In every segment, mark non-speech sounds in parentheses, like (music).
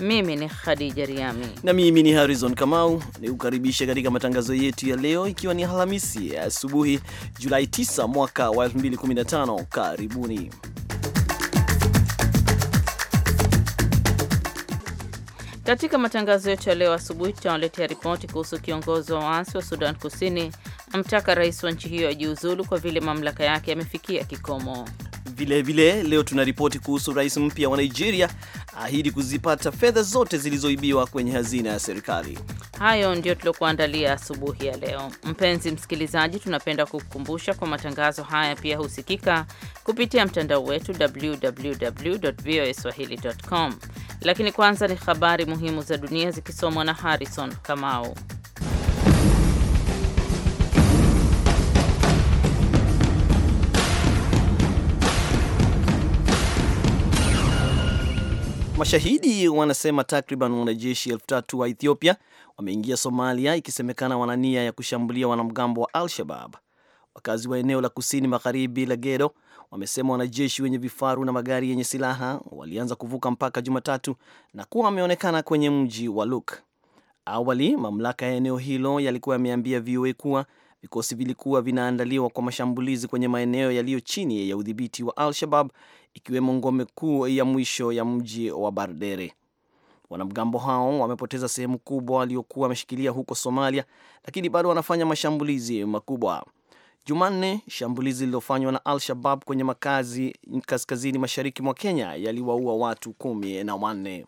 Mimi ni Khadija Riami na mimi ni Harrison Kamau, ni kukaribisha katika matangazo yetu ya leo, ikiwa ni Alhamisi asubuhi Julai 9 mwaka wa 2015. Karibuni. Katika matangazo yetu ya leo asubuhi tutawaletea ripoti kuhusu kiongozi wa waasi wa Sudan Kusini amtaka rais wa nchi hiyo ajiuzulu kwa vile mamlaka yake yamefikia kikomo. Vilevile vile, leo tuna ripoti kuhusu rais mpya wa Nigeria ahidi kuzipata fedha zote zilizoibiwa kwenye hazina ya serikali. Hayo ndio tuliokuandalia asubuhi ya leo. Mpenzi msikilizaji, tunapenda kukukumbusha kwa matangazo haya pia husikika kupitia mtandao wetu www www.voaswahili.com. Lakini kwanza ni habari muhimu za dunia zikisomwa na Harrison Kamau. Mashahidi wanasema takriban wanajeshi elfu tatu wa Ethiopia wameingia Somalia, ikisemekana wana nia ya kushambulia wanamgambo wa Al-Shabab. Wakazi wa eneo la kusini magharibi la Gedo wamesema wanajeshi wenye vifaru na magari yenye silaha walianza kuvuka mpaka Jumatatu na kuwa wameonekana kwenye mji wa Luk. Awali mamlaka ya eneo hilo yalikuwa yameambia VOA kuwa vikosi vilikuwa vinaandaliwa kwa mashambulizi kwenye maeneo yaliyo chini ya udhibiti wa Al-Shabab ikiwemo ngome kuu ya mwisho ya mji wa Bardere. Wanamgambo hao wamepoteza sehemu kubwa waliokuwa wameshikilia huko Somalia, lakini bado wanafanya mashambulizi makubwa. Jumanne, shambulizi lililofanywa na Al-Shabab kwenye makazi kaskazini mashariki mwa Kenya yaliwaua watu kumi na wanne.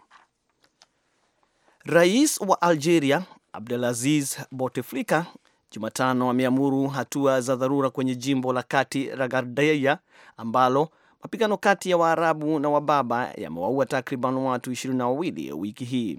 Rais wa Algeria Abdelaziz Bouteflika Jumatano ameamuru hatua za dharura kwenye jimbo la kati la Gardeia ambalo Mapigano kati ya Waarabu na Wababa yamewaua takriban watu ishirini na wawili wiki hii.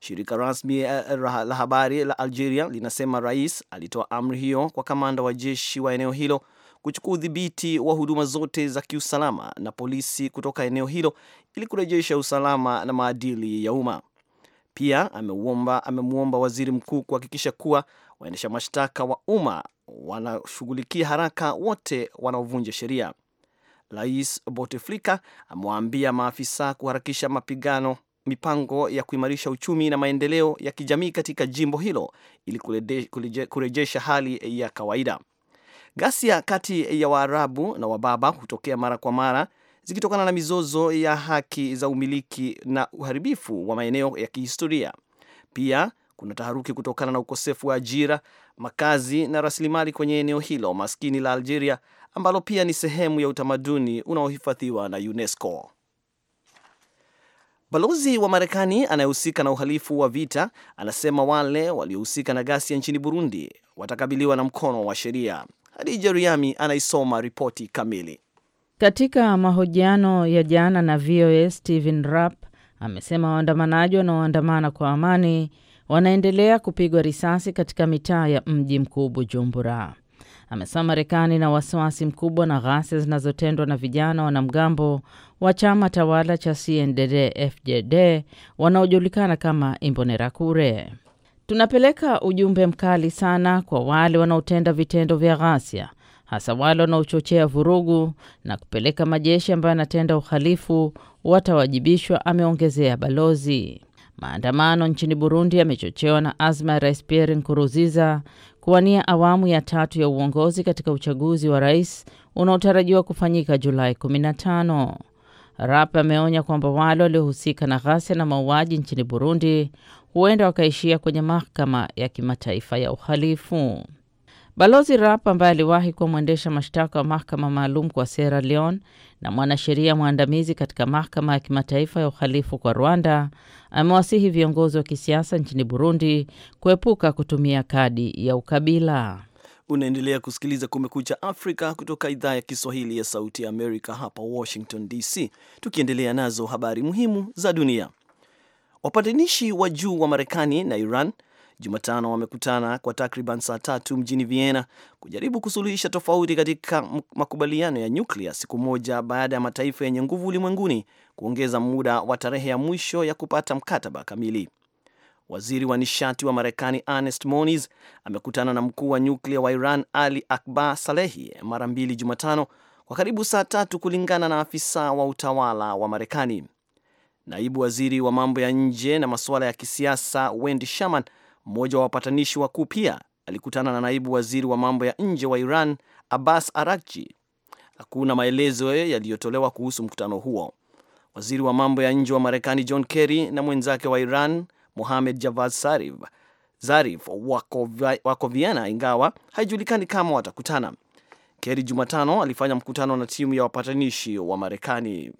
Shirika rasmi eh, la habari la Algeria linasema rais alitoa amri hiyo kwa kamanda wa jeshi wa eneo hilo kuchukua udhibiti wa huduma zote za kiusalama na polisi kutoka eneo hilo ili kurejesha usalama na maadili ya umma. Pia amemwomba waziri mkuu kuhakikisha kuwa waendesha mashtaka wa umma wanashughulikia haraka wote wanaovunja sheria. Rais Bouteflika amewaambia maafisa kuharakisha mapigano mipango ya kuimarisha uchumi na maendeleo ya kijamii katika jimbo hilo ili kurejesha hali ya kawaida. Ghasia kati ya Waarabu na wababa hutokea mara kwa mara zikitokana na mizozo ya haki za umiliki na uharibifu wa maeneo ya kihistoria. Pia kuna taharuki kutokana na ukosefu wa ajira, makazi na rasilimali kwenye eneo hilo maskini la Algeria ambalo pia ni sehemu ya utamaduni unaohifadhiwa na UNESCO. Balozi wa Marekani anayehusika na uhalifu wa vita anasema wale waliohusika na ghasia nchini Burundi watakabiliwa na mkono wa sheria. Hadija Riami anaisoma ripoti kamili. Katika mahojiano ya jana na VOA, Stephen Rapp amesema waandamanaji wanaoandamana kwa amani wanaendelea kupigwa risasi katika mitaa ya mji mkuu Bujumbura amesema Marekani na wasiwasi mkubwa na ghasia zinazotendwa na vijana wanamgambo wa chama tawala cha CNDD-FDD wanaojulikana kama Imbonerakure. Tunapeleka ujumbe mkali sana kwa wale wanaotenda vitendo vya ghasia, hasa wale wanaochochea vurugu na kupeleka majeshi ambayo yanatenda uhalifu, watawajibishwa, ameongezea balozi. Maandamano nchini Burundi yamechochewa na azma ya Rais Pierre Nkurunziza kuwania awamu ya tatu ya uongozi katika uchaguzi wa rais unaotarajiwa kufanyika Julai 15. Rap ameonya kwamba wale waliohusika na ghasia na mauaji nchini Burundi huenda wakaishia kwenye mahakama ya kimataifa ya uhalifu. Balozi rap ambaye aliwahi kuwa mwendesha mashtaka wa mahakama maalum kwa Sierra Leone na mwanasheria mwandamizi katika mahakama ya kimataifa ya uhalifu kwa Rwanda amewasihi viongozi wa kisiasa nchini Burundi kuepuka kutumia kadi ya ukabila. Unaendelea kusikiliza Kumekucha Afrika kutoka idhaa ya Kiswahili ya Sauti ya Amerika hapa Washington DC, tukiendelea nazo habari muhimu za dunia. Wapatanishi wa juu wa Marekani na Iran Jumatano wamekutana kwa takriban saa tatu mjini Vienna kujaribu kusuluhisha tofauti katika makubaliano ya nyuklia siku moja baada ya mataifa yenye nguvu ulimwenguni kuongeza muda wa tarehe ya mwisho ya kupata mkataba kamili. Waziri wa nishati wa Marekani Ernest Moniz amekutana na mkuu wa nyuklia wa Iran Ali Akbar Salehi mara mbili Jumatano kwa karibu saa tatu, kulingana na afisa wa utawala wa Marekani. Naibu waziri wa mambo ya nje na masuala ya kisiasa Wendy Sherman mmoja wa wapatanishi wakuu pia alikutana na naibu waziri wa mambo ya nje wa Iran, Abbas Arakji. Hakuna maelezo yaliyotolewa kuhusu mkutano huo. Waziri wa mambo ya nje wa Marekani John Kerry na mwenzake wa Iran Mohamed Javad Zarif, Zarif wako, wako ingawa haijulikani kama watakutana. Kerry Jumatano alifanya mkutano na timu ya wapatanishi wa Marekani.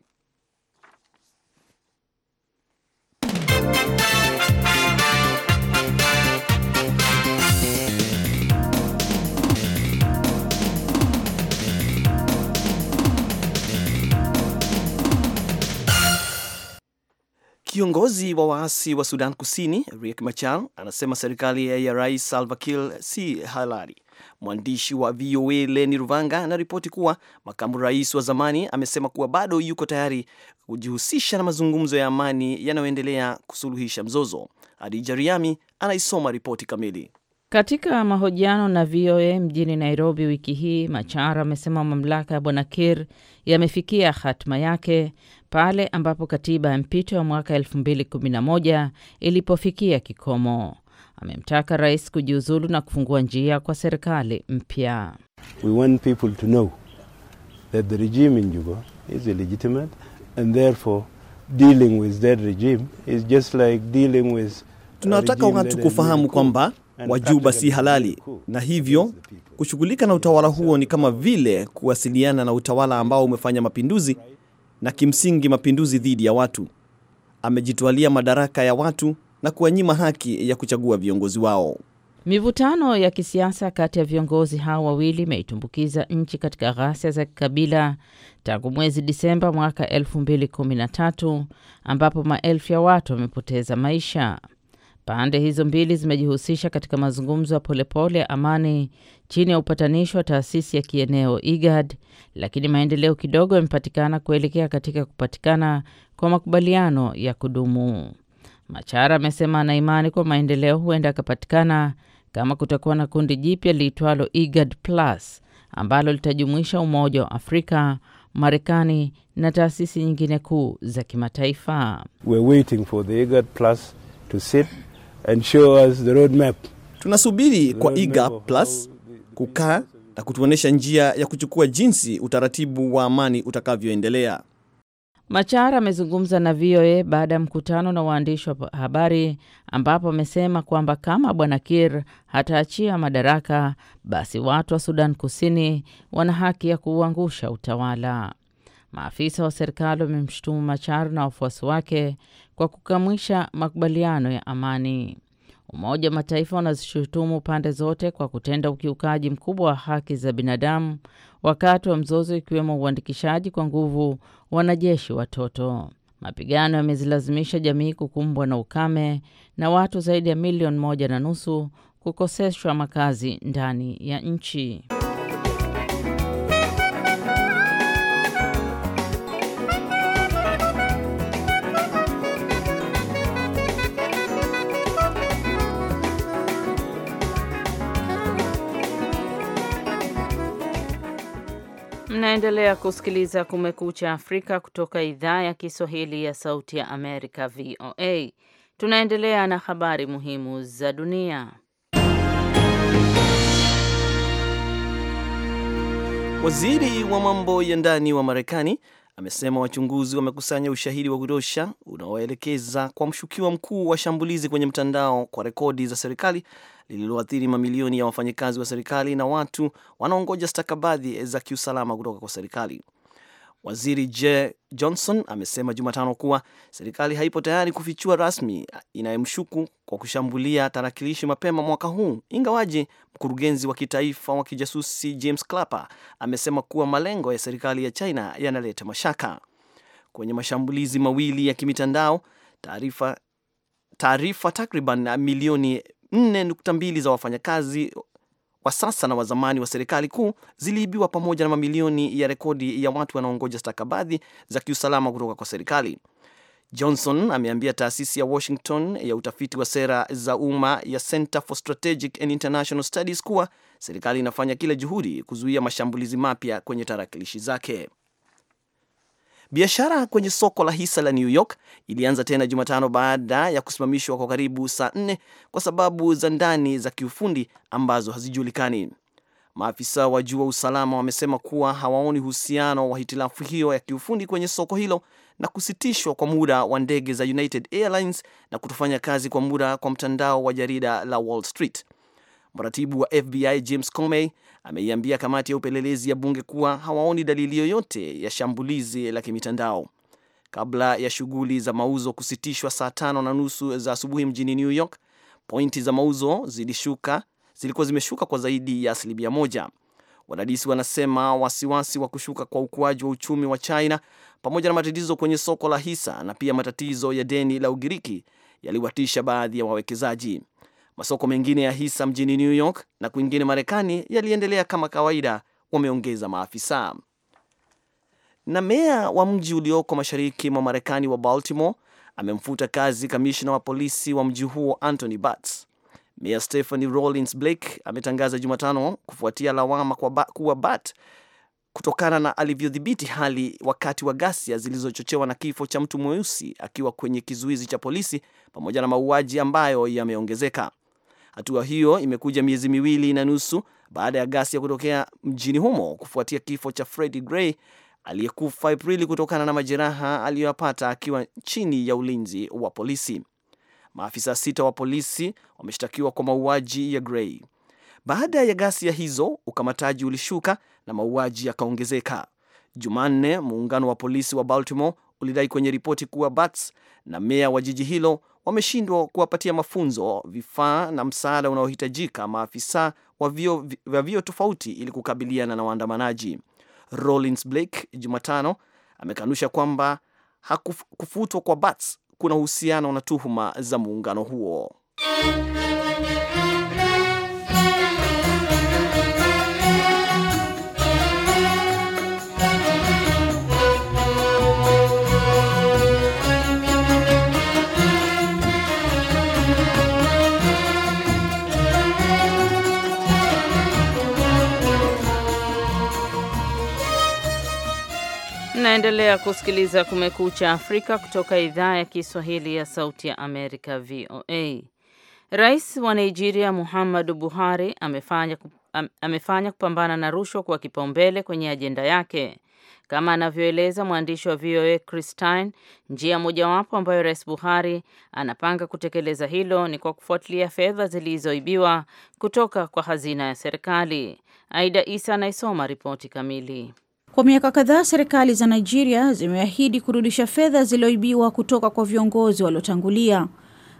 Kiongozi wa waasi wa Sudan Kusini Riek Machar anasema serikali ya Rais Salva Kiir si halali. Mwandishi wa VOA Leni Ruvanga anaripoti kuwa makamu rais wa zamani amesema kuwa bado yuko tayari kujihusisha na mazungumzo ya amani yanayoendelea kusuluhisha mzozo. adija Riami anaisoma ripoti kamili. Katika mahojiano na VOA mjini Nairobi wiki hii, Machar amesema mamlaka ya bwana Kir yamefikia hatima yake pale ambapo katiba ya mpito ya mwaka 2011 ilipofikia kikomo. Amemtaka rais kujiuzulu na kufungua njia kwa serikali mpya. We want people to know that the regime in Juba is illegitimate and therefore dealing with that regime is just like dealing with Tunataka watu kufahamu kwamba Wajuba si halali na hivyo kushughulika na utawala huo ni kama vile kuwasiliana na utawala ambao umefanya mapinduzi na kimsingi mapinduzi dhidi ya watu. Amejitwalia madaraka ya watu na kuwanyima haki ya kuchagua viongozi wao. Mivutano ya kisiasa kati ya viongozi hao wawili imeitumbukiza nchi katika ghasia za kikabila tangu mwezi Disemba mwaka 2013 ambapo maelfu ya watu wamepoteza maisha. Pande hizo mbili zimejihusisha katika mazungumzo ya polepole ya amani chini ya upatanishi wa taasisi ya kieneo IGAD, lakini maendeleo kidogo yamepatikana kuelekea katika kupatikana kwa makubaliano ya kudumu. Machara amesema ana imani kwa maendeleo huenda yakapatikana kama kutakuwa na kundi jipya liitwalo IGAD Plus ambalo litajumuisha Umoja wa Afrika, Marekani na taasisi nyingine kuu za kimataifa. We're waiting for the IGAD Plus to sit and show us the road map. Tunasubiri kwa iga Plus kukaa na kutuonesha njia ya kuchukua jinsi utaratibu wa amani utakavyoendelea. Machar amezungumza na VOA baada ya mkutano na waandishi wa habari ambapo amesema kwamba kama bwana Kir hataachia madaraka, basi watu wa Sudan Kusini wana haki ya kuuangusha utawala. Maafisa wa serikali wamemshutumu Machar na wafuasi wake kwa kukamwisha makubaliano ya amani. Umoja wa Mataifa unazishutumu pande zote kwa kutenda ukiukaji mkubwa wa haki za binadamu wakati wa mzozo, ikiwemo uandikishaji kwa nguvu wanajeshi watoto. Mapigano yamezilazimisha jamii kukumbwa na ukame na watu zaidi ya milioni moja na nusu kukoseshwa makazi ndani ya nchi. Unaendelea kusikiliza Kumekucha Afrika kutoka idhaa ya Kiswahili ya Sauti ya Amerika, VOA. Tunaendelea na habari muhimu za dunia. Waziri wa mambo ya ndani wa Marekani amesema wachunguzi wamekusanya ushahidi wa kutosha unaoelekeza kwa mshukiwa mkuu wa shambulizi kwenye mtandao kwa rekodi za serikali lililoathiri mamilioni ya wafanyakazi wa serikali na watu wanaongoja stakabadhi za kiusalama kutoka kwa serikali. Waziri J Johnson amesema Jumatano kuwa serikali haipo tayari kufichua rasmi inayemshuku kwa kushambulia tarakilishi mapema mwaka huu, ingawaje mkurugenzi wa kitaifa wa kijasusi James Clapper amesema kuwa malengo ya serikali ya China yanaleta mashaka kwenye mashambulizi mawili ya kimitandao. Taarifa takriban milioni 4.2 za wafanyakazi wa sasa na wa zamani wa serikali kuu ziliibiwa pamoja na mamilioni ya rekodi ya watu wanaongoja stakabadhi za kiusalama kutoka kwa serikali. Johnson ameambia taasisi ya Washington ya utafiti wa sera za umma ya Center for Strategic and International Studies kuwa serikali inafanya kila juhudi kuzuia mashambulizi mapya kwenye tarakilishi zake. Biashara kwenye soko la hisa la New York ilianza tena Jumatano baada ya kusimamishwa kwa karibu saa nne kwa sababu za ndani za kiufundi ambazo hazijulikani. Maafisa wa juu wa usalama wamesema kuwa hawaoni uhusiano wa hitilafu hiyo ya kiufundi kwenye soko hilo na kusitishwa kwa muda wa ndege za United Airlines na kutofanya kazi kwa muda kwa mtandao wa jarida la Wall Street. Mratibu wa FBI James Comey ameiambia kamati ya upelelezi ya bunge kuwa hawaoni dalili yoyote ya shambulizi la kimitandao kabla ya shughuli za mauzo kusitishwa saa tano na nusu za asubuhi mjini New York. Pointi za mauzo zilishuka, zilikuwa zimeshuka kwa zaidi ya asilimia moja. Wadadisi wanasema wasiwasi wa kushuka kwa ukuaji wa uchumi wa China pamoja na matatizo kwenye soko la hisa na pia matatizo ya deni la Ugiriki yaliwatisha baadhi ya wawekezaji. Masoko mengine ya hisa mjini New York na kwingine Marekani yaliendelea kama kawaida, wameongeza maafisa. Na meya wa mji ulioko mashariki mwa Marekani wa Baltimore amemfuta kazi kamishna wa polisi wa mji huo Anthony Bats. Meya Stephanie Rawlings Blake ametangaza Jumatano kufuatia lawama kwa kuwa Bat kutokana na alivyodhibiti hali wakati wa ghasia zilizochochewa na kifo cha mtu mweusi akiwa kwenye kizuizi cha polisi pamoja na mauaji ambayo yameongezeka. Hatua hiyo imekuja miezi miwili na nusu baada ya ya kutokea mjini humo kufuatia kifo cha Freddie Gray aliyekufa Aprili kutokana na majeraha aliyoyapata akiwa chini ya ulinzi wa polisi. Maafisa sita wa polisi wameshtakiwa kwa mauaji ya Gray. Baada ya ghasia hizo, ukamataji ulishuka na mauaji yakaongezeka. Jumanne, muungano wa polisi wa Baltimore ulidai kwenye ripoti kuwa Bats na meya wa jiji hilo wameshindwa kuwapatia mafunzo, vifaa na msaada unaohitajika maafisa wa vio, wa vio tofauti ili kukabiliana na waandamanaji. Rollins Blake Jumatano amekanusha kwamba hakufutwa kwa Bats kuna uhusiano na tuhuma za muungano huo. Mnaendelea kusikiliza Kumekucha Afrika kutoka idhaa ya Kiswahili ya Sauti ya Amerika, VOA. Rais wa Nigeria Muhammadu Buhari amefanya, amefanya kupambana na rushwa kuwa kipaumbele kwenye ajenda yake kama anavyoeleza mwandishi wa VOA Christine. Njia mojawapo ambayo Rais Buhari anapanga kutekeleza hilo ni kwa kufuatilia fedha zilizoibiwa kutoka kwa hazina ya serikali. Aida Isa anaisoma ripoti kamili. Kwa miaka kadhaa serikali za Nigeria zimeahidi kurudisha fedha zilizoibiwa kutoka kwa viongozi waliotangulia.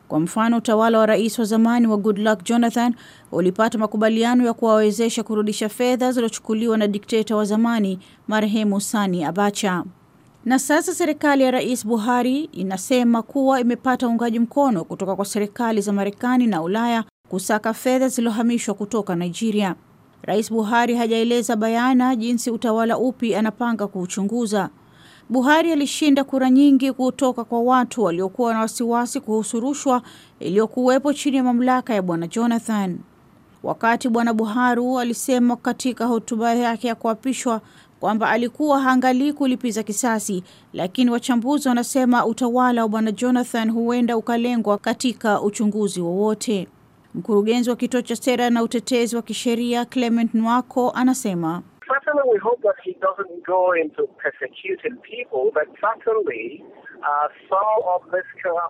Kwa mfano, utawala wa rais wa zamani wa Goodluck Jonathan ulipata makubaliano ya kuwawezesha kurudisha fedha zilizochukuliwa na dikteta wa zamani marehemu Sani Abacha. Na sasa serikali ya Rais Buhari inasema kuwa imepata uungaji mkono kutoka kwa serikali za Marekani na Ulaya kusaka fedha zilizohamishwa kutoka Nigeria. Rais Buhari hajaeleza bayana jinsi utawala upi anapanga kuuchunguza. Buhari alishinda kura nyingi kutoka kwa watu waliokuwa na wasiwasi kuhusu rushwa iliyokuwepo chini ya mamlaka ya Bwana Jonathan. Wakati Bwana Buhari alisema katika hotuba yake ya kuapishwa kwamba alikuwa haangalii kulipiza kisasi, lakini wachambuzi wanasema utawala wa Bwana Jonathan huenda ukalengwa katika uchunguzi wowote. Mkurugenzi wa kituo cha sera na utetezi wa kisheria Clement Nwako anasema uh,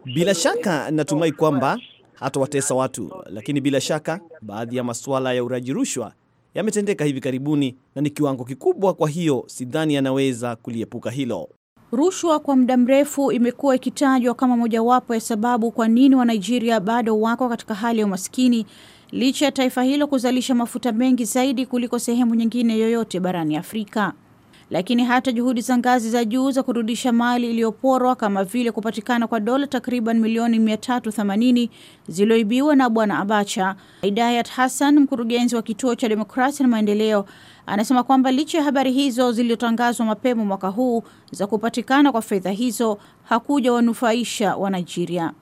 Bila shaka natumai kwamba hatawatesa watu, lakini bila shaka baadhi ya masuala ya uraji rushwa yametendeka hivi karibuni na ni kiwango kikubwa, kwa hiyo sidhani anaweza kuliepuka hilo. Rushwa kwa muda mrefu imekuwa ikitajwa kama mojawapo ya sababu kwa nini Wanigeria bado wako katika hali ya umaskini licha ya taifa hilo kuzalisha mafuta mengi zaidi kuliko sehemu nyingine yoyote barani Afrika lakini hata juhudi za ngazi za juu za kurudisha mali iliyoporwa kama vile kupatikana kwa dola takriban milioni 380 zilioibiwa na Bwana Abacha. Hidayat Hassan, mkurugenzi wa kituo cha demokrasia na maendeleo, anasema kwamba licha ya habari hizo zilizotangazwa mapema mwaka huu za kupatikana kwa fedha hizo hakuja wanufaisha wa Nigeria.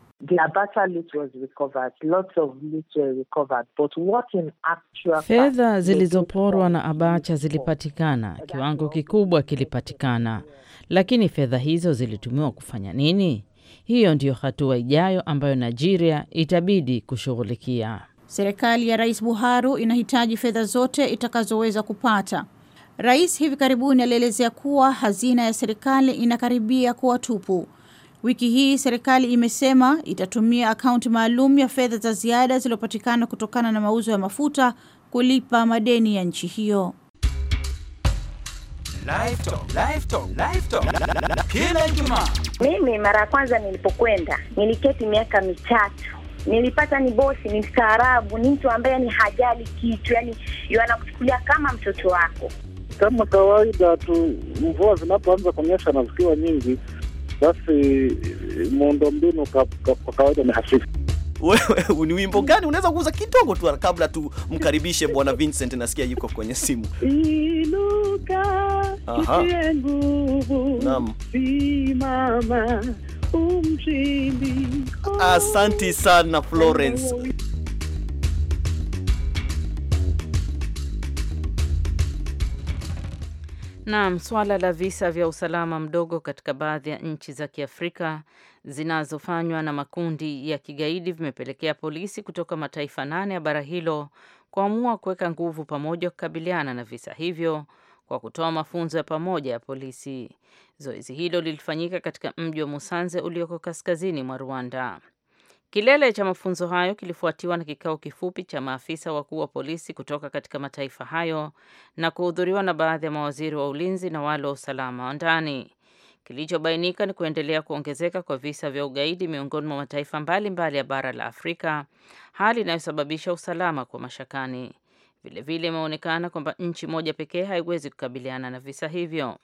Fedha zilizoporwa na Abacha zilipatikana, oh, kiwango kikubwa kilipatikana, lakini fedha hizo zilitumiwa kufanya nini? Hiyo ndiyo hatua ijayo ambayo Nigeria itabidi kushughulikia. Serikali ya Rais Buhari inahitaji fedha zote itakazoweza kupata. Rais hivi karibuni alielezea kuwa hazina ya serikali inakaribia kuwa tupu. Wiki hii serikali imesema itatumia akaunti maalum ya fedha za ziada zilizopatikana kutokana na mauzo ya mafuta kulipa madeni ya nchi hiyo. Kila Ijumaa mimi mara ya kwanza nilipokwenda niliketi miaka mitatu nilipata ni bosi, ni mstaarabu, ni mtu ambaye ni hajali kitu, yani anakuchukulia kama mtoto wako. Kama kawaida tu, mvua zinapoanza kunyesha na zikiwa nyingi basi eh, mbinu kwa kawaida ni hafifu. Wewe (laughs) ni wimbo gani unaweza kuuza kidogo tu kabla tumkaribishe Bwana Vincent, nasikia yuko kwenye simu. Inuka nguvu, simama umshindi. Asanti sana Florence. Naam, swala la visa vya usalama mdogo katika baadhi ya nchi za Kiafrika zinazofanywa na makundi ya kigaidi vimepelekea polisi kutoka mataifa nane ya bara hilo kuamua kuweka nguvu pamoja kukabiliana na visa hivyo kwa kutoa mafunzo ya pamoja ya polisi. Zoezi hilo lilifanyika katika mji wa Musanze ulioko kaskazini mwa Rwanda. Kilele cha mafunzo hayo kilifuatiwa na kikao kifupi cha maafisa wakuu wa polisi kutoka katika mataifa hayo na kuhudhuriwa na baadhi ya mawaziri wa ulinzi na wale wa usalama wa ndani. Kilichobainika ni kuendelea kuongezeka kwa visa vya ugaidi miongoni mwa mataifa mbalimbali mbali ya bara la Afrika, hali inayosababisha usalama kwa mashakani. Vilevile imeonekana kwamba nchi moja pekee haiwezi kukabiliana na visa hivyo.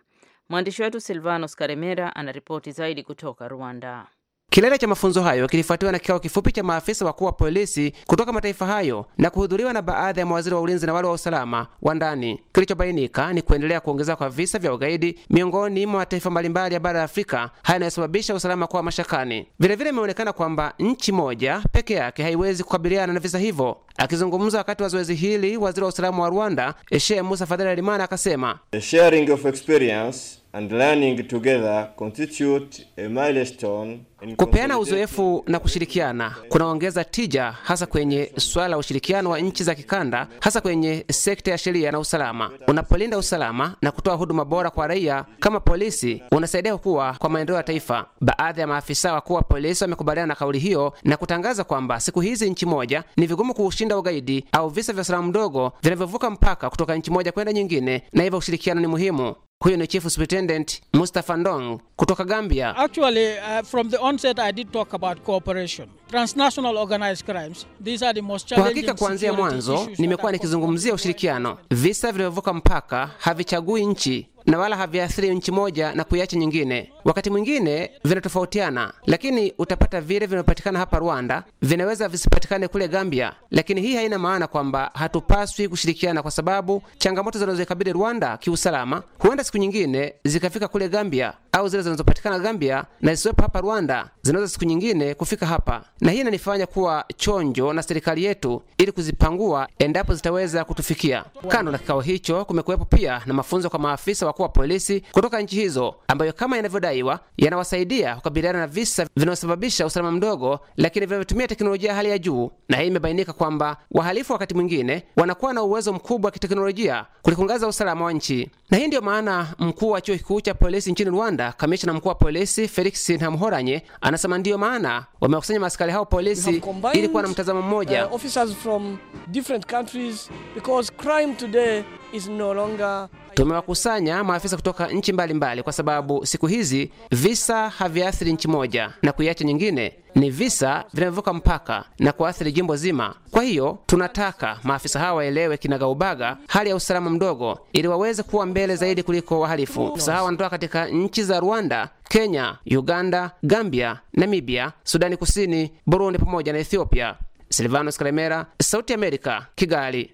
Mwandishi wetu Silvanos Karemera anaripoti zaidi kutoka Rwanda. Kilele cha mafunzo hayo kilifuatiwa na kikao kifupi cha maafisa wakuu wa polisi kutoka mataifa hayo na kuhudhuriwa na baadhi ya mawaziri wa ulinzi na wale wa usalama wa ndani. Kilichobainika ni kuendelea kuongezeka kwa visa vya ugaidi miongoni mwa mataifa mbalimbali ya bara la Afrika, haya yanayosababisha usalama kuwa mashakani. Vilevile imeonekana kwamba nchi moja peke yake haiwezi kukabiliana na visa hivyo. Akizungumza wakati wa zoezi hili, waziri wa usalama wa Rwanda Shehe Musa Fadhili Harelimana akasema, sharing of experience and learning together constitute a milestone kupeana uzoefu na kushirikiana kunaongeza tija hasa kwenye swala la ushirikiano wa nchi za kikanda, hasa kwenye sekta ya sheria na usalama. Unapolinda usalama na kutoa huduma bora kwa raia kama polisi, unasaidia kukua kwa maendeleo ya taifa. Baadhi ya maafisa wakuu wa polisi wamekubaliana na kauli hiyo na kutangaza kwamba siku hizi nchi moja ni vigumu kuushinda ugaidi au visa vya usalama mdogo vinavyovuka mpaka kutoka nchi moja kwenda nyingine, na hivyo ushirikiano ni muhimu. Huyo ni Chief Superintendent Mustafa Ndong kutoka Gambia. Actually, uh, from the onset I did talk about cooperation. Transnational organized crimes. These are the most challenging. Kwa hakika kuanzia mwanzo nimekuwa nikizungumzia ushirikiano. Visa vinavyovuka mpaka havichagui nchi na wala haviathiri nchi moja na kuiacha nyingine. Wakati mwingine vinatofautiana, lakini utapata vile vinavyopatikana hapa Rwanda vinaweza visipatikane kule Gambia. Lakini hii haina maana kwamba hatupaswi kushirikiana, kwa sababu changamoto zinazoikabili Rwanda kiusalama huenda siku nyingine zikafika kule Gambia, au zile zinazopatikana Gambia na zisiwepo hapa Rwanda zinaweza siku nyingine kufika hapa, na hii inanifanya kuwa chonjo na serikali yetu ili kuzipangua endapo zitaweza kutufikia. Kando na kikao hicho, kumekuwepo pia na mafunzo kwa maafisa kuwa polisi kutoka nchi hizo ambayo kama inavyodaiwa yanawasaidia kukabiliana na visa vinavyosababisha usalama mdogo, lakini vinavyotumia teknolojia ya hali ya juu. Na hii imebainika kwamba wahalifu wakati mwingine wanakuwa na uwezo mkubwa wa kiteknolojia kulikungaza usalama wa nchi, na hii ndiyo maana mkuu wa chuo kikuu cha polisi nchini Rwanda, kamishna mkuu wa polisi Felix Ntamhoranye, anasema ndiyo maana wamewakusanya maaskari hao polisi ili kuwa na mtazamo mmoja. Uh, officers from different countries because crime today is no longer Tumewakusanya maafisa kutoka nchi mbalimbali mbali, kwa sababu siku hizi visa haviathiri nchi moja na kuiacha nyingine. Ni visa vinavyovuka mpaka na kuathiri jimbo zima. Kwa hiyo tunataka maafisa hawa waelewe kinagaubaga hali ya usalama mdogo, ili waweze kuwa mbele zaidi kuliko wahalifu. Maafisa hawa wanatoka katika nchi za Rwanda, Kenya, Uganda, Gambia, Namibia, Sudani Kusini, Burundi pamoja na Ethiopia. Silvanos Karemera, Sauti ya Amerika, Kigali.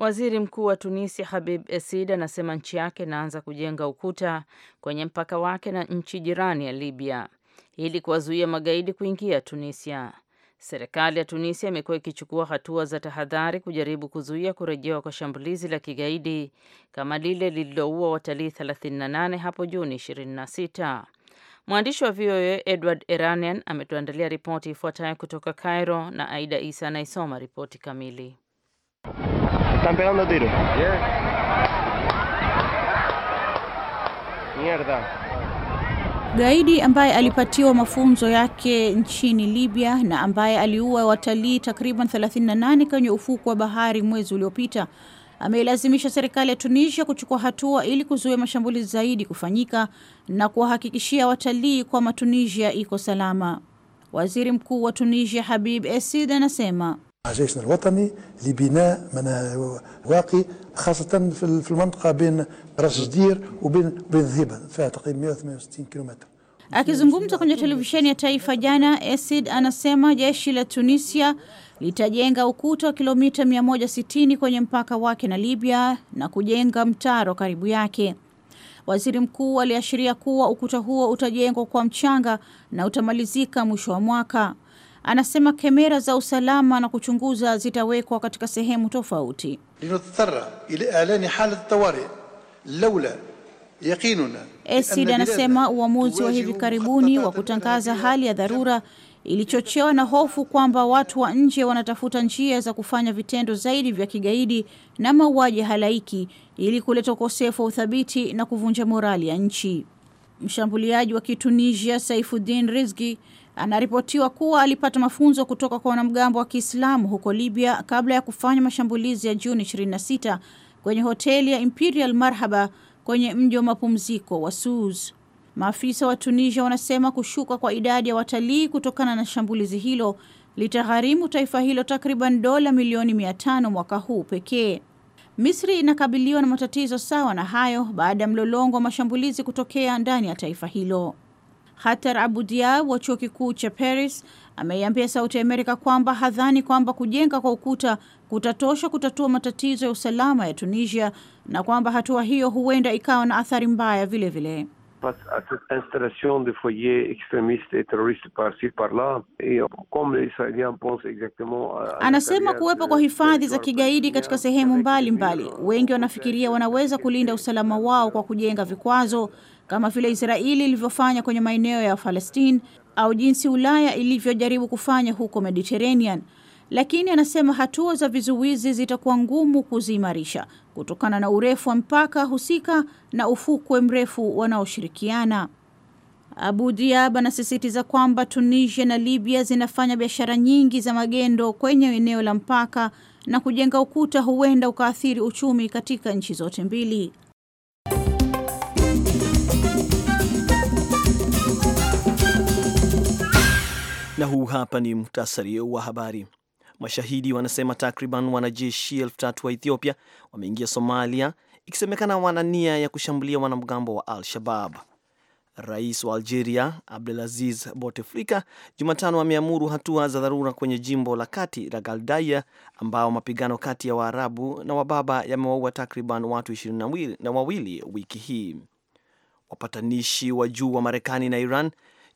Waziri Mkuu wa Tunisia Habib esid anasema nchi yake inaanza kujenga ukuta kwenye mpaka wake na nchi jirani ya Libya ili kuwazuia magaidi kuingia Tunisia. Serikali ya Tunisia imekuwa ikichukua hatua za tahadhari kujaribu kuzuia kurejewa kwa shambulizi la kigaidi kama lile lililoua watalii 38 hapo Juni 26. Mwandishi wa VOA Edward Eranian ametuandalia ripoti ifuatayo kutoka Cairo na Aida Isa anaisoma ripoti kamili. Están pegando tiro. Yeah. Mierda. Gaidi ambaye alipatiwa mafunzo yake nchini Libya na ambaye aliua watalii takriban 38 kwenye ufuko wa bahari mwezi uliopita ameilazimisha serikali ya Tunisia kuchukua hatua ili kuzuia mashambulizi zaidi kufanyika na kuwahakikishia watalii kwamba Tunisia iko salama. Waziri Mkuu wa Tunisia Habib Essid anasema جيشنا الوطني لبناء واقي خاصة في المنطقة بين راس جدير وبين بين ذيبة فيها تقريبا 168 كيلومتر Akizungumza kwenye televisheni ya taifa jana, Esid anasema jeshi la Tunisia litajenga ukuta wa kilomita 160 kwenye mpaka wake na Libya na kujenga mtaro karibu yake. Waziri mkuu aliashiria kuwa ukuta huo utajengwa kwa mchanga na utamalizika mwisho wa mwaka. Anasema kamera za usalama na kuchunguza zitawekwa katika sehemu tofauti. linuttara ila alani halat tawari laula yaqinuna Esid anasema uamuzi wa hivi karibuni wa kutangaza hali ya dharura ilichochewa na hofu kwamba watu wa nje wanatafuta njia za kufanya vitendo zaidi vya kigaidi na mauaji halaiki ili kuleta ukosefu wa uthabiti na kuvunja morali ya nchi. Mshambuliaji wa Kitunisia Saifuddin rizgi Anaripotiwa kuwa alipata mafunzo kutoka kwa wanamgambo wa Kiislamu huko Libya kabla ya kufanya mashambulizi ya Juni 26 kwenye hoteli ya Imperial Marhaba kwenye mji wa mapumziko wa Suz. Maafisa wa Tunisia wanasema kushuka kwa idadi ya watalii kutokana na shambulizi hilo litagharimu taifa hilo takriban dola milioni mia tano mwaka huu pekee. Misri inakabiliwa na matatizo sawa na hayo baada ya mlolongo wa mashambulizi kutokea ndani ya taifa hilo. Hatar Abudia wa chuo kikuu cha Paris ameiambia Sauti ya Amerika kwamba hadhani kwamba kujenga kwa ukuta kutatosha kutatua matatizo ya usalama ya Tunisia na kwamba hatua hiyo huenda ikawa na athari mbaya vilevile vile. Anasema kuwepo kwa hifadhi za kigaidi katika sehemu mbalimbali mbali. Wengi wanafikiria wanaweza kulinda usalama wao kwa kujenga vikwazo kama vile Israeli ilivyofanya kwenye maeneo ya Palestine au jinsi Ulaya ilivyojaribu kufanya huko Mediterranean. Lakini anasema hatua za vizuizi zitakuwa ngumu kuziimarisha kutokana na urefu wa mpaka husika na ufukwe mrefu wanaoshirikiana. Abu Diab anasisitiza kwamba Tunisia na Libya zinafanya biashara nyingi za magendo kwenye eneo la mpaka na kujenga ukuta huenda ukaathiri uchumi katika nchi zote mbili. na huu hapa ni muhtasari wa habari. Mashahidi wanasema takriban wanajeshi elfu tatu wa Ethiopia wameingia Somalia, ikisemekana wana nia ya kushambulia wanamgambo wa Al-Shabab. Rais wa Algeria Abdelaziz Bouteflika Jumatano ameamuru hatua za dharura kwenye jimbo la kati la Galdaia, ambao mapigano kati ya Waarabu na Wababa yamewaua takriban watu ishirini na wawili wiki hii. Wapatanishi wa juu wa Marekani na Iran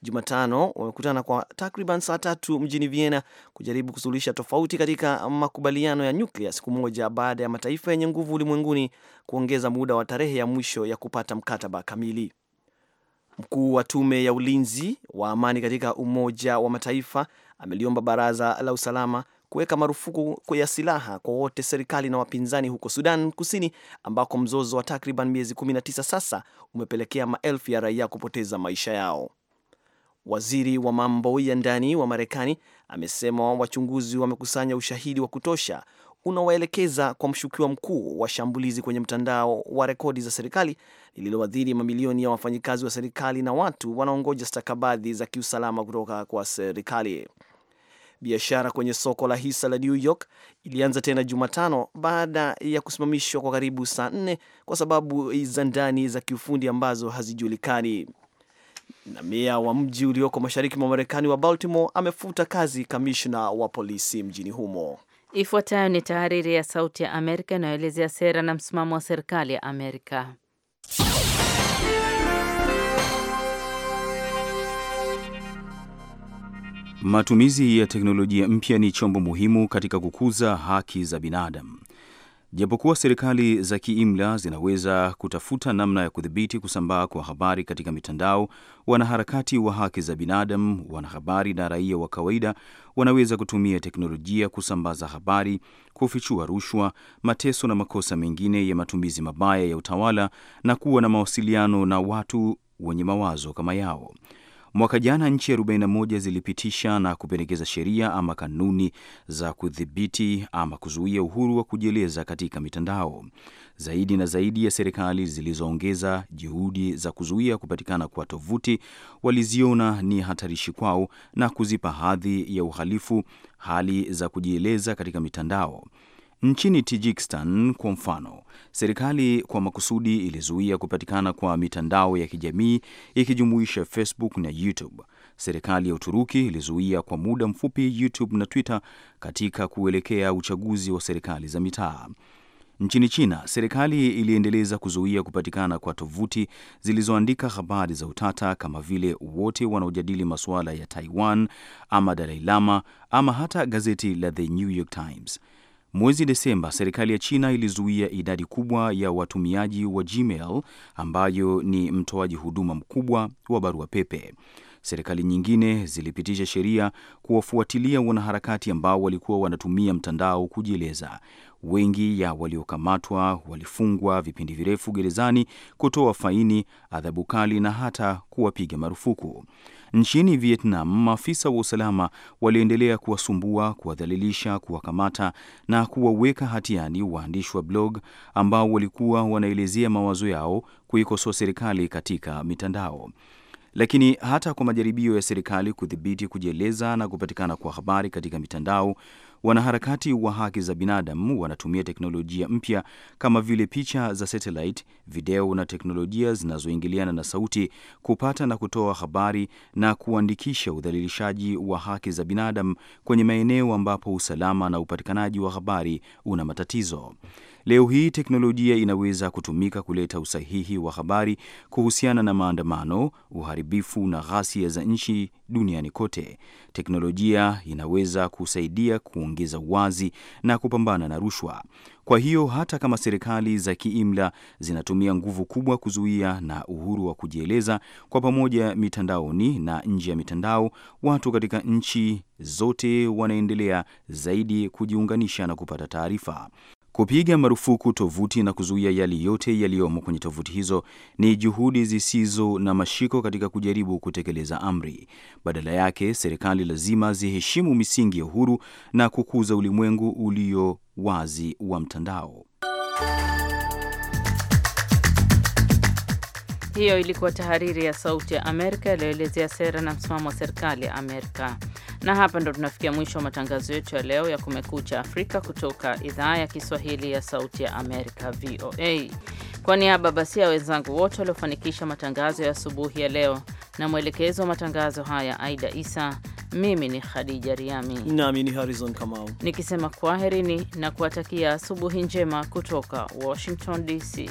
Jumatano wamekutana kwa takriban saa tatu mjini Vienna kujaribu kusuluhisha tofauti katika makubaliano ya nyuklia, siku moja baada ya mataifa yenye nguvu ulimwenguni kuongeza muda wa tarehe ya mwisho ya kupata mkataba kamili. Mkuu wa tume ya ulinzi wa amani katika Umoja wa Mataifa ameliomba Baraza la Usalama kuweka marufuku ya silaha kwa wote, serikali na wapinzani, huko Sudan Kusini ambako mzozo wa takriban miezi 19 sasa umepelekea maelfu ya raia kupoteza maisha yao. Waziri wa mambo ya ndani wa Marekani amesema wachunguzi wamekusanya ushahidi wa kutosha unawaelekeza kwa mshukiwa mkuu wa shambulizi kwenye mtandao wa rekodi za serikali lililoathiri mamilioni ya wafanyikazi wa serikali na watu wanaongoja stakabadhi za kiusalama kutoka kwa serikali. Biashara kwenye soko la hisa la New York ilianza tena Jumatano baada ya kusimamishwa kwa karibu saa nne kwa sababu za ndani za kiufundi ambazo hazijulikani na meya wa mji ulioko mashariki mwa Marekani wa Baltimore amefuta kazi kamishna wa polisi mjini humo. Ifuatayo ni tahariri ya Sauti ya Amerika inayoelezea sera na msimamo wa serikali ya Amerika. Matumizi ya teknolojia mpya ni chombo muhimu katika kukuza haki za binadamu. Japokuwa serikali za kiimla zinaweza kutafuta namna ya kudhibiti kusambaa kwa habari katika mitandao, wanaharakati wa haki za binadamu, wanahabari na raia wa kawaida wanaweza kutumia teknolojia kusambaza habari, kufichua rushwa, mateso na makosa mengine ya matumizi mabaya ya utawala na kuwa na mawasiliano na watu wenye mawazo kama yao. Mwaka jana nchi 41 zilipitisha na kupendekeza sheria ama kanuni za kudhibiti ama kuzuia uhuru wa kujieleza katika mitandao. Zaidi na zaidi ya serikali zilizoongeza juhudi za kuzuia kupatikana kwa tovuti waliziona ni hatarishi kwao na kuzipa hadhi ya uhalifu hali za kujieleza katika mitandao. Nchini Tajikistan kwa mfano, serikali kwa makusudi ilizuia kupatikana kwa mitandao ya kijamii ikijumuisha Facebook na YouTube. Serikali ya Uturuki ilizuia kwa muda mfupi YouTube na Twitter katika kuelekea uchaguzi wa serikali za mitaa. Nchini China, serikali iliendeleza kuzuia kupatikana kwa tovuti zilizoandika habari za utata kama vile wote wanaojadili masuala ya Taiwan ama Dalai Lama ama hata gazeti la The New York Times. Mwezi Desemba, serikali ya China ilizuia idadi kubwa ya watumiaji wa Gmail ambayo ni mtoaji huduma mkubwa wa barua pepe. Serikali nyingine zilipitisha sheria kuwafuatilia wanaharakati ambao walikuwa wanatumia mtandao kujieleza. Wengi ya waliokamatwa walifungwa vipindi virefu gerezani, kutoa faini, adhabu kali na hata kuwapiga marufuku. Nchini Vietnam, maafisa wa usalama waliendelea kuwasumbua, kuwadhalilisha, kuwakamata na kuwaweka hatiani waandishi wa blog ambao walikuwa wanaelezea mawazo yao kuikosoa serikali katika mitandao. Lakini hata kwa majaribio ya serikali kudhibiti kujieleza na kupatikana kwa habari katika mitandao, wanaharakati wa haki za binadamu wanatumia teknolojia mpya kama vile picha za satellite, video na teknolojia zinazoingiliana na sauti kupata na kutoa habari na kuandikisha udhalilishaji wa haki za binadamu kwenye maeneo ambapo usalama na upatikanaji wa habari una matatizo. Leo hii teknolojia inaweza kutumika kuleta usahihi wa habari kuhusiana na maandamano, uharibifu na ghasia za nchi duniani kote. Teknolojia inaweza kusaidia kuongeza uwazi na kupambana na rushwa. Kwa hiyo hata kama serikali za kiimla zinatumia nguvu kubwa kuzuia na uhuru wa kujieleza kwa pamoja mitandaoni na nje ya mitandao, watu katika nchi zote wanaendelea zaidi kujiunganisha na kupata taarifa. Kupiga marufuku tovuti na kuzuia yale yote yaliyomo kwenye tovuti hizo ni juhudi zisizo na mashiko katika kujaribu kutekeleza amri. Badala yake, serikali lazima ziheshimu misingi ya uhuru na kukuza ulimwengu ulio wazi wa mtandao. Hiyo ilikuwa tahariri ya Sauti ya Amerika yaliyoelezea sera na msimamo wa serikali ya Amerika. Na hapa ndo tunafikia mwisho wa matangazo yetu ya leo ya Kumekucha Afrika kutoka idhaa ya Kiswahili ya Sauti ya Amerika, VOA. Kwa niaba basi ya wenzangu wote waliofanikisha matangazo ya asubuhi ya leo na mwelekezo wa matangazo haya Aida Isa, mimi ni Khadija Riami nami ni Harrison Kamau nikisema kwaherini na kuwatakia asubuhi njema kutoka Washington DC.